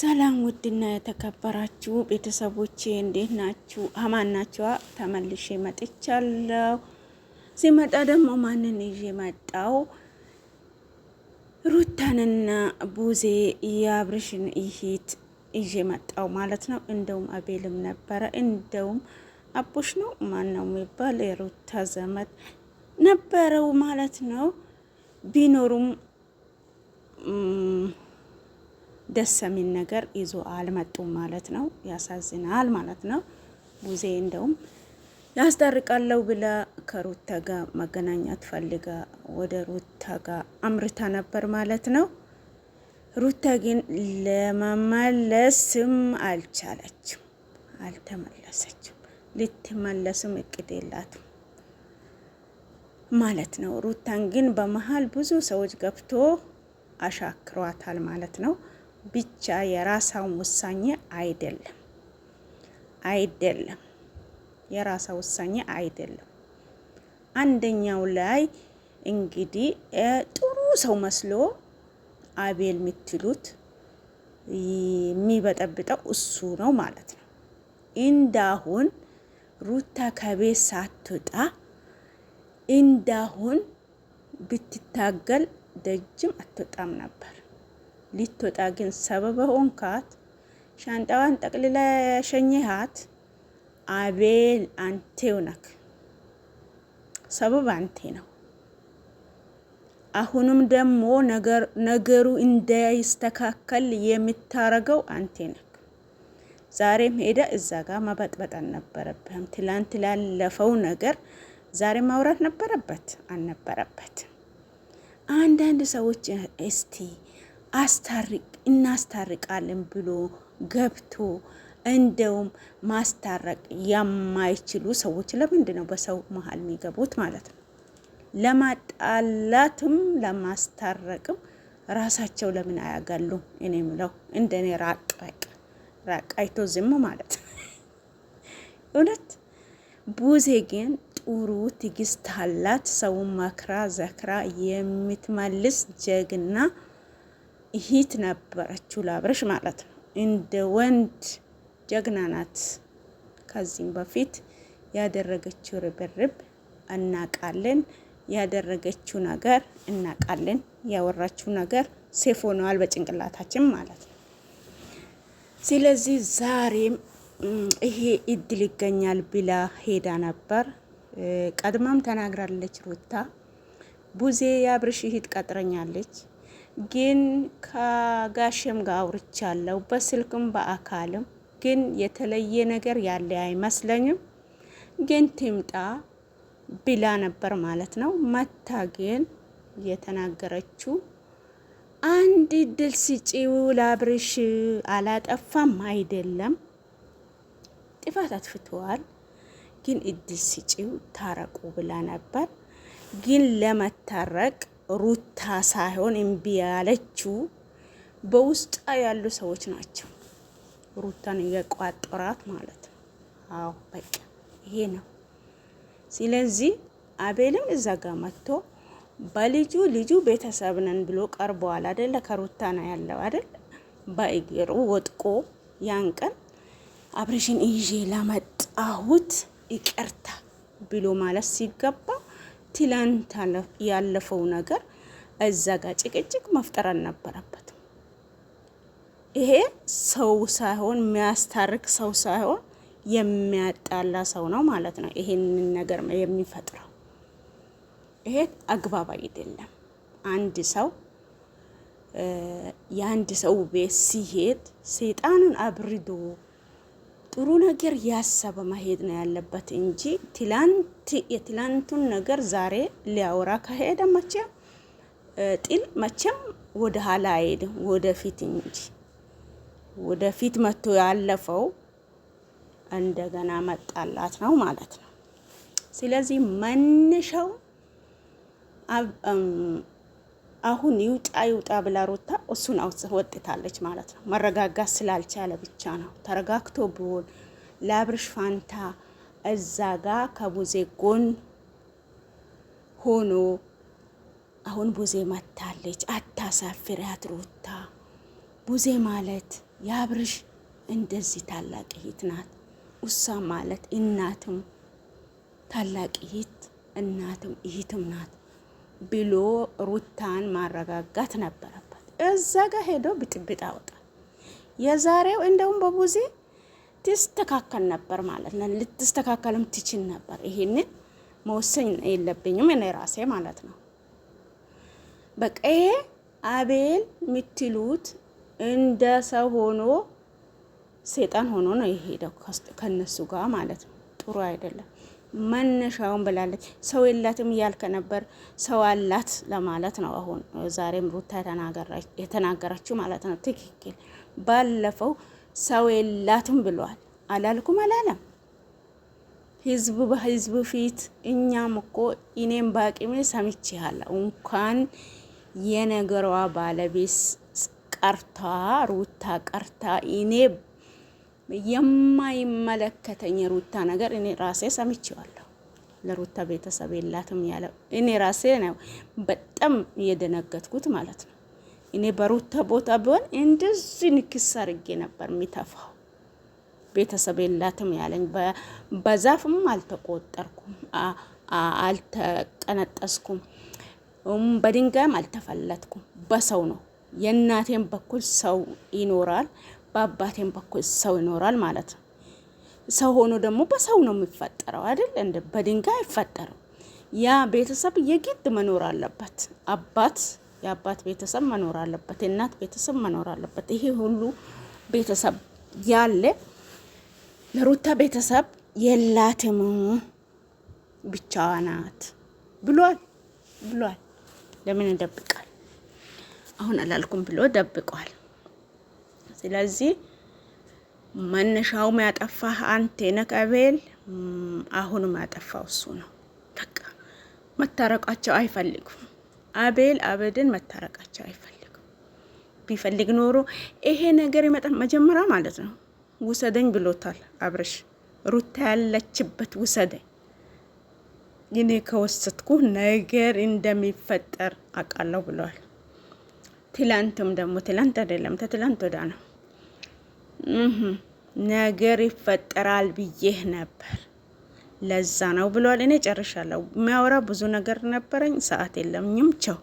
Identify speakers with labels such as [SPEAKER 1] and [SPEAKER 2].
[SPEAKER 1] ሰላም ውድና የተከበራችሁ ቤተሰቦቼ እንዴት ናችሁ? አማን ናችኋ? ተመልሼ መጥቻለሁ። ሲመጣ ደግሞ ማንን ይዤ መጣው? ሩታንና ቡዜ የአብርሽን ይሂት ይዤ መጣው ማለት ነው። እንደውም አቤልም ነበረ፣ እንደውም አቦሽ ነው ማን ነው የሚባል የሩታ ዘመድ ነበረው ማለት ነው ቢኖሩም ደስ የሚል ነገር ይዞ አልመጡም ማለት ነው። ያሳዝናል ማለት ነው። ቡዜ እንደውም ያስታርቃለሁ ብላ ከሩታ ጋር መገናኛት ፈልጋ ወደ ሩታ ጋር አምርታ ነበር ማለት ነው። ሩታ ግን ለመመለስም አልቻለችም፣ አልተመለሰችም። ልትመለስም እቅድ የላትም ማለት ነው። ሩታን ግን በመሀል ብዙ ሰዎች ገብቶ አሻክሯታል ማለት ነው። ብቻ የራሳን ውሳኔ አይደለም አይደለም የራሳ ውሳኔ አይደለም። አንደኛው ላይ እንግዲህ ጥሩ ሰው መስሎ አቤል የምትሉት የሚበጠብጠው እሱ ነው ማለት ነው። እንዳሁን ሩታ ከቤት ሳትወጣ እንዳሁን ብትታገል ደጅም አትወጣም ነበር። ልትወጣ ግን ሰበብ ሆንካት። ሻንጣዋን ጠቅልላ ያሸኘሃት አቤል አንቴው ነክ። ሰበብ አንቴ ነው። አሁንም ደግሞ ነገሩ እንዳይስተካከል የምታረገው አንቴ ነክ። ዛሬም ሄደ እዛ ጋር መበጥበጥ አልነበረብህም። ትላንት ላለፈው ነገር ዛሬ ማውራት ነበረበት አልነበረበት። አንዳንድ ሰዎች እስቲ አስታርቅ እናስታርቃለን ብሎ ገብቶ እንደውም ማስታረቅ የማይችሉ ሰዎች ለምንድን ነው በሰው መሀል የሚገቡት ማለት ነው? ለማጣላትም ለማስታረቅም ራሳቸው ለምን አያጋሉ? እኔ ምለው እንደኔ ራቅ ራቅ ራቅ አይቶ ዝም ማለት ነው። እውነት ቡዜ ግን ጥሩ ትግስት አላት። ሰውን መክራ ዘክራ የምትመልስ ጀግና እህት ነበረችው ላብረሽ ማለት ነው። እንደ ወንድ ጀግና ናት። ከዚህም በፊት ያደረገችው ርብርብ እናቃለን፣ ያደረገችው ነገር እናቃለን። ያወራችው ነገር ሴፍ ሆነዋል በጭንቅላታችን ማለት ነው። ስለዚህ ዛሬም ይሄ እድል ይገኛል ብላ ሄዳ ነበር። ቀድማም ተናግራለች ሩታ ቡዜ የአብርሽ እህት ቀጥረኛለች ግን ከጋሸም ጋር አውርቻለሁ በስልክም በአካልም ግን የተለየ ነገር ያለ አይመስለኝም። ግን ትምጣ ብላ ነበር ማለት ነው። መታ ግን የተናገረችው አንድ ድል ስጪው ላብርሽ አላጠፋም አይደለም ጥፋት አትፍቷል፣ ግን እድል ስጪው ታረቁ ብላ ነበር ግን ለመታረቅ ሩታ ሳይሆን እምቢ ያለችው በውስጣ ያሉ ሰዎች ናቸው። ሩታን የቋጠራት ማለት ነው። አዎ በቃ ይሄ ነው። ስለዚህ አቤልም እዛ ጋር መጥቶ በልጁ ልጁ ቤተሰብ ነን ብሎ ቀርበዋል አደለ? ከሩታ ነው ያለው አደለ? በእግሩ ወጥቆ ያን ቀን አብሬሽን ይዤ ለመጣሁት ይቅርታ ብሎ ማለት ሲገባ ትላንት ያለፈው ነገር እዛ ጋር ጭቅጭቅ መፍጠር አልነበረበትም። ይሄ ሰው ሳይሆን የሚያስታርቅ ሰው ሳይሆን የሚያጣላ ሰው ነው ማለት ነው። ይሄንን ነገር የሚፈጥረው ይሄ አግባብ አይደለም። አንድ ሰው የአንድ ሰው ቤት ሲሄድ ሰይጣንን አብርዶ ጥሩ ነገር ያሰበ መሄድ ነው ያለበት እንጂ ትላንት የትላንቱን ነገር ዛሬ ሊያወራ ከሄደ መቼም ጥል መቼም ወደ ኋላ አይሄድም፣ ወደፊት እንጂ ወደፊት መቶ ያለፈው እንደገና መጣላት ነው ማለት ነው። ስለዚህ መነሻው አሁን ይውጣ ይውጣ ብላ ሩታ እሱን ወጥታለች ማለት ነው። መረጋጋት ስላልቻለ ብቻ ነው። ተረጋግቶ ብሆን ለአብርሽ ፋንታ እዛ ጋ ከቡዜ ጎን ሆኖ አሁን ቡዜ መታለች። አታሳፍሪያት ሩታ። ቡዜ ማለት የአብርሽ እንደዚህ ታላቅ እህት ናት። እሷ ማለት እናትም ታላቅ እህት እናትም እህትም ናት። ብሎ ሩታን ማረጋጋት ነበረበት። እዛ ጋር ሄዶ ብጥብጥ አወጣል። የዛሬው እንደውም በቡዜ ትስተካከል ነበር ማለት ነው። ልትስተካከልም ትችል ነበር። ይሄንን መወሰኝ የለብኝም እኔ ራሴ ማለት ነው። በቃ አቤል የምትሉት እንደ ሰው ሆኖ ሴጣን ሆኖ ነው የሄደው ከነሱ ጋር ማለት ነው። ጥሩ አይደለም። መነሻውን ብላለች። ሰው የላትም እያልከ ነበር፣ ሰው አላት ለማለት ነው። አሁን ዛሬም ሩታ የተናገረችው ማለት ነው። ትክክል። ባለፈው ሰው የላትም ብሏል። አላልኩም አላለም። ህዝብ በህዝብ ፊት እኛም እኮ እኔም በአቅሜ ሰምቼሃለሁ። እንኳን የነገሯ ባለቤት ቀርታ ሩታ ቀርታ እኔ የማይመለከተኝ የሩታ ነገር እኔ ራሴ ሰምቼዋለሁ። ለሩታ ቤተሰብ የላትም ያለው እኔ ራሴ ነው በጣም እየደነገጥኩት ማለት ነው። እኔ በሩታ ቦታ ቢሆን እንደዚህ ንክስ ነበር የሚተፋው። ቤተሰብ የላትም ያለኝ በዛፍም አልተቆጠርኩም፣ አልተቀነጠስኩም፣ በድንጋይም አልተፈለጥኩም። በሰው ነው የእናቴን በኩል ሰው ይኖራል በአባቴም በኩል ሰው ይኖራል ማለት ነው። ሰው ሆኖ ደግሞ በሰው ነው የሚፈጠረው አይደል? እንደ በድንጋይ አይፈጠርም። ያ ቤተሰብ የግድ መኖር አለበት። አባት የአባት ቤተሰብ መኖር አለበት። የእናት ቤተሰብ መኖር አለበት። ይሄ ሁሉ ቤተሰብ ያለ ለሩታ ቤተሰብ የላትም ብቻዋ ናት ብሏል ብሏል። ለምን ደብቃል? አሁን አላልኩም ብሎ ደብቋል። ስለዚህ መነሻውም ያጠፋህ አንተ ነህ አሁንም ያጠፋው እሱ ነው። በቃ መታረቃቸው አይፈልጉም። አቤል አበድን መታረቃቸው አይፈልጉም። ቢፈልግ ኖሮ ይሄ ነገር ይመጣ መጀመሪያ ማለት ነው። ውሰደኝ ብሎታል አብርሽ። ሩታ ያለችበት ውሰደኝ፣ እኔ ከወሰድኩ ነገር እንደሚፈጠር አውቃለሁ ብለዋል። ትላንትም ደግሞ ትላንት አይደለም ተትላንት ወዳ ነው ነገር ይፈጠራል ብዬህ ነበር። ለዛ ነው ብለዋል። እኔ ጨርሻለሁ። የሚያወራ ብዙ ነገር ነበረኝ። ሰዓት የለኝም። ቸው